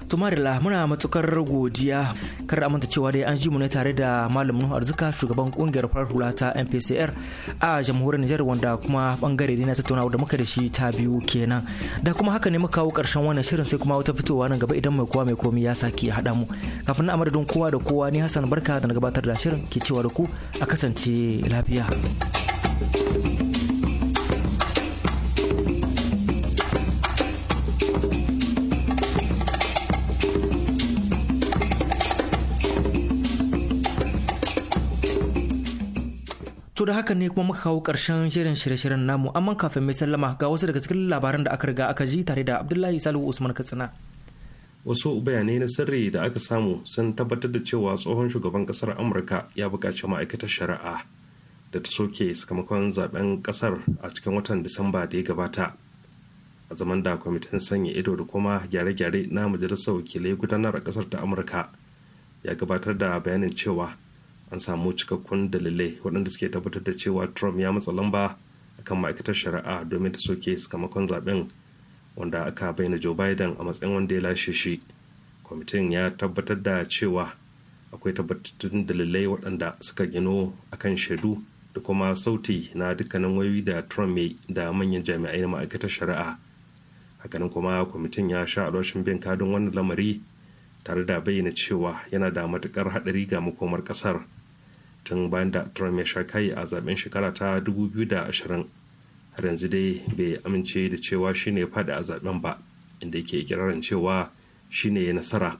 domin muna matukar godiya kar amanta cewa dai an ji mu ne tare da malamin arzika shugaban kungiyar farar hula ta mpcr a jamhuriyar nijar wanda kuma bangare ne na tattaunawa da muka da shi ta biyu kenan da kuma haka ne muka kawo karshen wannan shirin sai kuma wata fitowa nan gaba idan mai kowa mai komi ya saki ya haɗa mu kafin na amadadin kowa da kowa ni hassan barka da na gabatar da shirin ke cewa da ku a kasance lafiya. da haka ne kuma muka kawo ƙarshen shirin shirye-shiryen namu amma kafin mai sallama ga wasu daga cikin labaran da aka riga aka ji tare da Abdullahi Salihu Usman Katsina. Wasu bayanai na sirri da aka samu sun tabbatar da cewa tsohon shugaban kasar Amurka ya buƙaci ma'aikatar shari'a da ta soke sakamakon zaben kasar a cikin watan Disamba da ya gabata. A zaman da kwamitin sanya ido da kuma gyare-gyare na majalisar wakilai gudanar a kasar ta Amurka ya gabatar da bayanin cewa an samu cikakkun dalilai waɗanda suke tabbatar da cewa trump ya matsa lamba akan ma'aikatar shari'a domin ta soke sakamakon zaben wanda aka bayyana joe biden a matsayin wanda ya lashe shi kwamitin ya tabbatar da cewa akwai tabbatattun dalilai waɗanda suka gino akan shaidu da kuma sauti na dukkanin wayoyi da trump mai da manyan jami'ai na ma'aikatar shari'a hakanan kuma kwamitin ya sha alwashin bin kadin wannan lamari tare da bayyana cewa yana da matukar haɗari ga makomar ƙasar. tun bayan da trump ya sha kai a zaben shekara ta 2020 har yanzu dai bai amince da cewa shine ya faɗi a zaben ba inda yake kirarin cewa shine ya nasara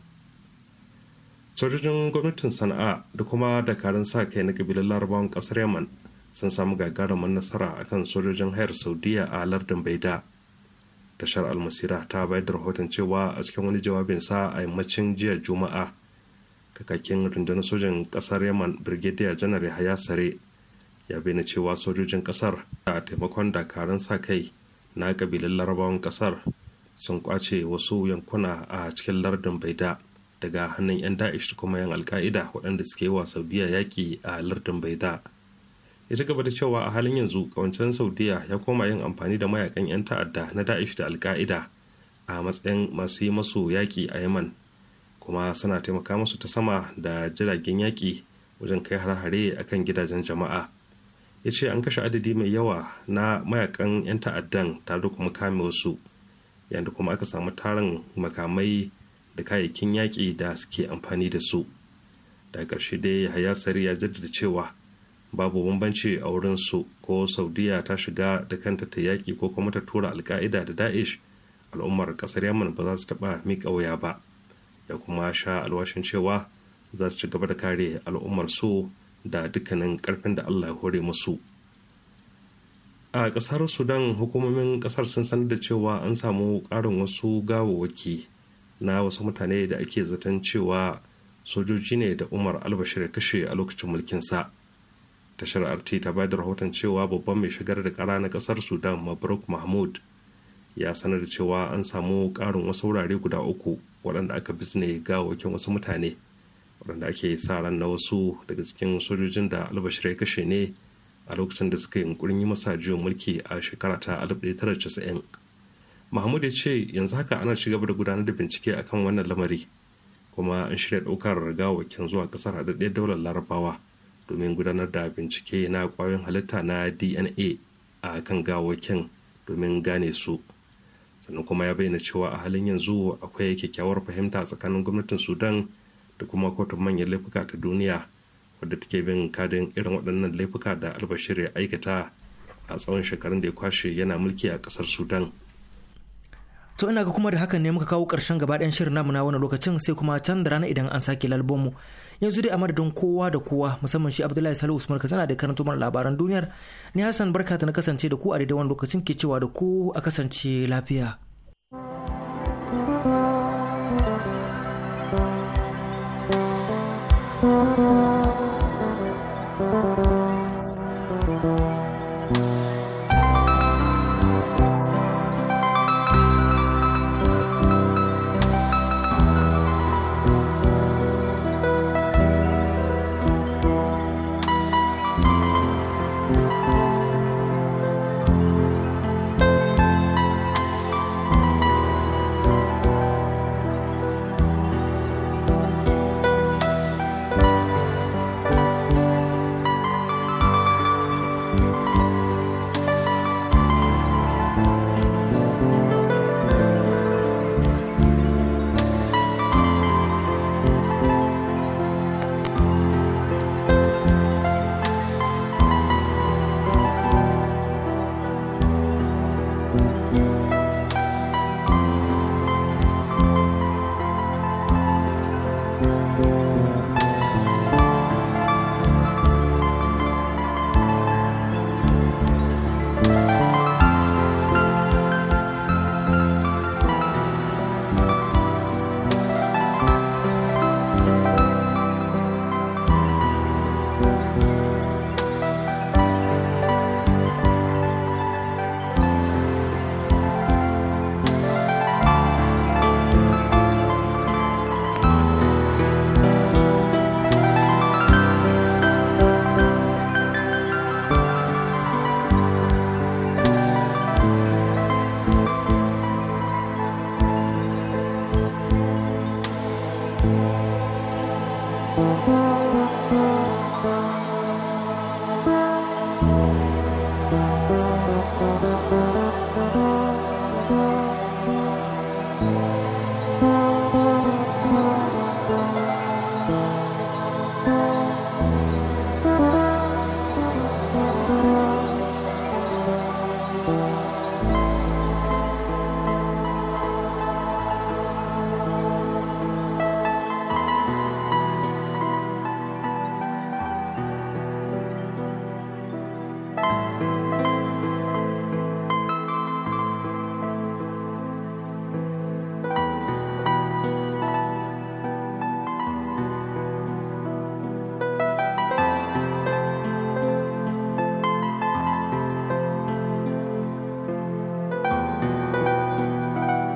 sojojin gwamnatin sana'a da kuma dakarun sa kai na kabilar larabawan kasar yaman sun samu gagarumin nasara a kan sojojin hayar saudiya a lardin baida tashar almasira ta bayar da rahoton cewa a cikin wani jawabinsa a yammacin jiya juma'a kakakin rundunar sojan kasar yaman brigadier janar yahaya sare ya bayyana cewa sojojin kasar da taimakon dakarun sa kai na kabilan larabawan kasar sun kwace wasu yankuna a cikin lardin baida daga hannun 'yan da'ish kuma 'yan alka'ida waɗanda suke wa saudiya yaƙi a lardin baida ya ci gaba da cewa a halin yanzu kawancen saudiya ya koma yin amfani da mayakan 'yan ta'adda na da'ish da alka'ida a matsayin masu yi masu yaƙi a yaman kuma suna taimaka musu ta sama da jiragen yaƙi wajen kai har-hare a kan gidajen jama'a ya ce an kashe adadi mai yawa na mayakan 'yan ta'addan tare da kuma kame wasu yadda kuma aka samu tarin makamai da kayayyakin yaƙi da suke amfani da su da ƙarshe dai hayasari ya jaddada cewa babu bambanci a wurin su ko saudiya ta shiga da kanta ta yaƙi ko kuma ta tura alka'ida da da'ish al'ummar ƙasar yaman ba za su taɓa miƙa wuya ba da kuma sha alwashin cewa za su ci gaba da kare al'ummarsu da dukkanin karfin da allah ya hore musu a ƙasar sudan hukumomin ƙasar sun sanar da cewa an samu ƙarin wasu gawawaki na wasu mutane da ake zaton cewa sojoji ne da umar albashir kashe a lokacin mulkin sa tashar rt ta bayar da rahoton cewa babban mai shigar da ƙara na ƙasar sudan mabruk mahmud ya sanar da cewa an samu ƙarin wasu wurare guda uku waɗanda aka bisne gawakin wasu mutane waɗanda ake sa ran na wasu daga cikin sojojin da albashir ya kashe ne a lokacin da suka yi yi masa juyin mulki a shekara ta 1990 mahmud ya ce yanzu haka ana ci gaba da gudanar da bincike akan wannan lamari kuma an shirya ɗaukar gawakin zuwa ƙasar haɗaɗɗiyar daular larabawa domin gudanar da bincike na ƙwayoyin halitta na dna a kan gawakin domin gane su sannan kuma ya bayyana cewa a halin yanzu akwai kyakkyawar fahimta tsakanin gwamnatin sudan da kuma kotun manyan laifuka ta duniya wadda take bin kadin irin waɗannan laifuka da albashir ya aikata a tsawon shekarun da ya kwashe yana mulki a ƙasar sudan to ina ga kuma da hakan ne muka kawo ƙarshen gaba ɗayan shirin namu na wani lokacin sai kuma can da rana idan an sake lalbomu yanzu dai a madadin kowa da kowa musamman shi abdullahi salihu usman ka sana da karanto mana labaran duniyar ni hassan barka ta na kasance da ku a daidai wani lokacin ke cewa da ku a kasance lafiya thank you